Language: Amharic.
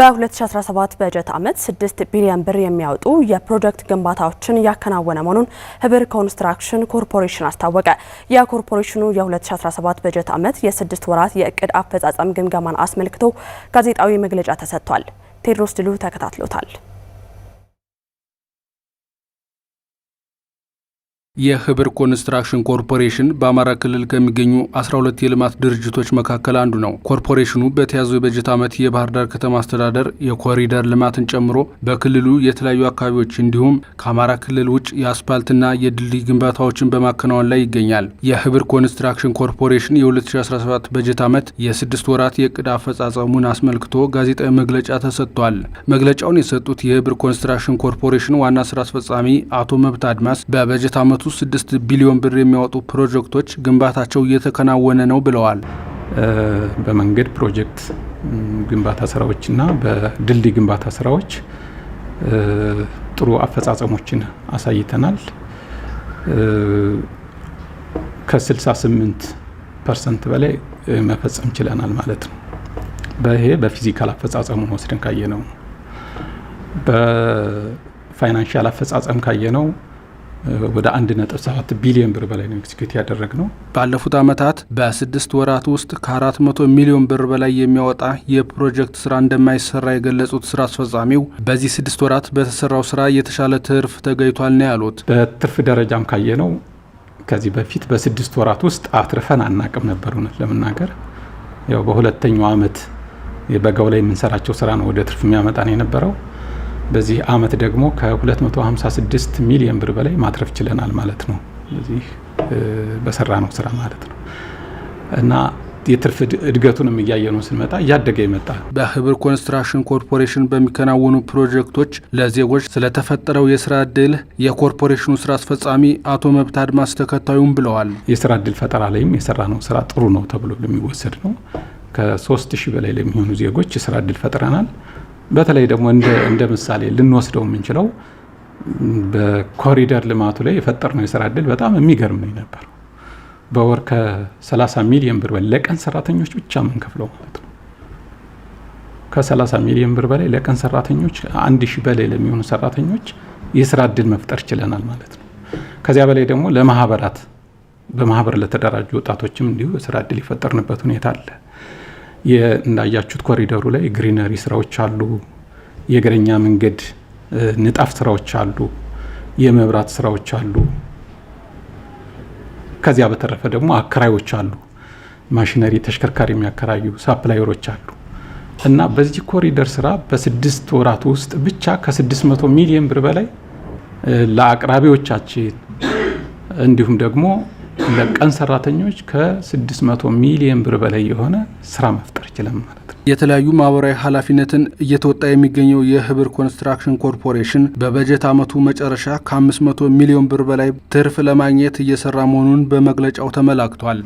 በ2017 በጀት ዓመት 6 ቢሊዮን ብር የሚያወጡ የፕሮጀክት ግንባታዎችን እያከናወነ መሆኑን ህብር ኮንስትራክሽን ኮርፖሬሽን አስታወቀ። የኮርፖሬሽኑ የ2017 በጀት ዓመት የስድስት ወራት የእቅድ አፈጻጸም ግምገማን አስመልክቶ ጋዜጣዊ መግለጫ ተሰጥቷል። ቴድሮስ ድሉ ተከታትሎታል። የህብር ኮንስትራክሽን ኮርፖሬሽን በአማራ ክልል ከሚገኙ 12 የልማት ድርጅቶች መካከል አንዱ ነው። ኮርፖሬሽኑ በተያዘው የበጀት ዓመት የባህር ዳር ከተማ አስተዳደር የኮሪደር ልማትን ጨምሮ በክልሉ የተለያዩ አካባቢዎች እንዲሁም ከአማራ ክልል ውጭ የአስፓልትና የድልድይ ግንባታዎችን በማከናወን ላይ ይገኛል። የህብር ኮንስትራክሽን ኮርፖሬሽን የ2017 በጀት ዓመት የስድስት ወራት የዕቅድ አፈጻጸሙን አስመልክቶ ጋዜጣዊ መግለጫ ተሰጥቷል። መግለጫውን የሰጡት የህብር ኮንስትራክሽን ኮርፖሬሽን ዋና ስራ አስፈጻሚ አቶ መብት አድማስ በበጀት ዓመቱ ስድስት ቢሊዮን ብር የሚያወጡ ፕሮጀክቶች ግንባታቸው እየተከናወነ ነው ብለዋል። በመንገድ ፕሮጀክት ግንባታ ስራዎችና በድልድይ ግንባታ ስራዎች ጥሩ አፈጻጸሞችን አሳይተናል። ከ68 ፐርሰንት በላይ መፈጸም ችለናል ማለት ነው። በይሄ በፊዚካል አፈጻጸሙ ወስደን ካየ ነው። በፋይናንሻል አፈጻጸም ካየ ነው ወደ 1.7 ቢሊዮን ብር በላይ ነው ኤክስኪዩት ያደረግ ነው። ባለፉት አመታት በስድስት ወራት ውስጥ ከ400 ሚሊዮን ብር በላይ የሚያወጣ የፕሮጀክት ስራ እንደማይሰራ የገለጹት ስራ አስፈጻሚው በዚህ ስድስት ወራት በተሰራው ስራ የተሻለ ትርፍ ተገኝቷል ነው ያሉት። በትርፍ ደረጃም ካየ ነው ከዚህ በፊት በስድስት ወራት ውስጥ አትርፈን አናቅም ነበር። እውነት ለመናገር ያው በሁለተኛው ዓመት በጋው ላይ የምንሰራቸው ስራ ነው ወደ ትርፍ የሚያመጣን የነበረው በዚህ አመት ደግሞ ከ256 ሚሊዮን ብር በላይ ማትረፍ ችለናል ማለት ነው። በዚህ በሰራ ነው ስራ ማለት ነው እና የትርፍ እድገቱንም ነው ስንመጣ እያደገ ይመጣል በህብር ኮንስትራክሽን ኮርፖሬሽን በሚከናወኑ ፕሮጀክቶች ለዜጎች ስለተፈጠረው የስራ እድል የኮርፖሬሽኑ ስራ አስፈጻሚ አቶ መብት አድማስ ተከታዩም ብለዋል። የስራ እድል ፈጠራ ላይም የሰራ ነው ስራ ጥሩ ነው ተብሎ የሚወሰድ ነው። ከ3000 በላይ ለሚሆኑ ዜጎች የስራ እድል ፈጥረናል። በተለይ ደግሞ እንደ ምሳሌ ልንወስደው የምንችለው በኮሪደር ልማቱ ላይ የፈጠርነው የስራ እድል በጣም የሚገርም ነው የነበረው። በወር ከ30 ሚሊዮን ብር በላይ ለቀን ሰራተኞች ብቻ የምንከፍለው ማለት ነው። ከ30 ሚሊዮን ብር በላይ ለቀን ሰራተኞች አንድ ሺህ በላይ ለሚሆኑ ሰራተኞች የስራ እድል መፍጠር ችለናል ማለት ነው። ከዚያ በላይ ደግሞ ለማህበራት በማህበር ለተደራጁ ወጣቶችም እንዲሁ የስራ እድል የፈጠርንበት ሁኔታ አለ። እንዳያችሁት ኮሪደሩ ላይ ግሪነሪ ስራዎች አሉ፣ የእግረኛ መንገድ ንጣፍ ስራዎች አሉ፣ የመብራት ስራዎች አሉ። ከዚያ በተረፈ ደግሞ አከራዮች አሉ፣ ማሽነሪ ተሽከርካሪ የሚያከራዩ ሳፕላየሮች አሉ እና በዚህ ኮሪደር ስራ በስድስት ወራት ውስጥ ብቻ ከ600 ሚሊዮን ብር በላይ ለአቅራቢዎቻችን እንዲሁም ደግሞ ለቀን ሰራተኞች ከ600 ሚሊዮን ብር በላይ የሆነ ስራ መፍጠር ይችላል ማለት ነው። የተለያዩ ማህበራዊ ኃላፊነትን እየተወጣ የሚገኘው የህብር ኮንስትራክሽን ኮርፖሬሽን በበጀት ዓመቱ መጨረሻ ከ500 ሚሊዮን ብር በላይ ትርፍ ለማግኘት እየሰራ መሆኑን በመግለጫው ተመላክቷል።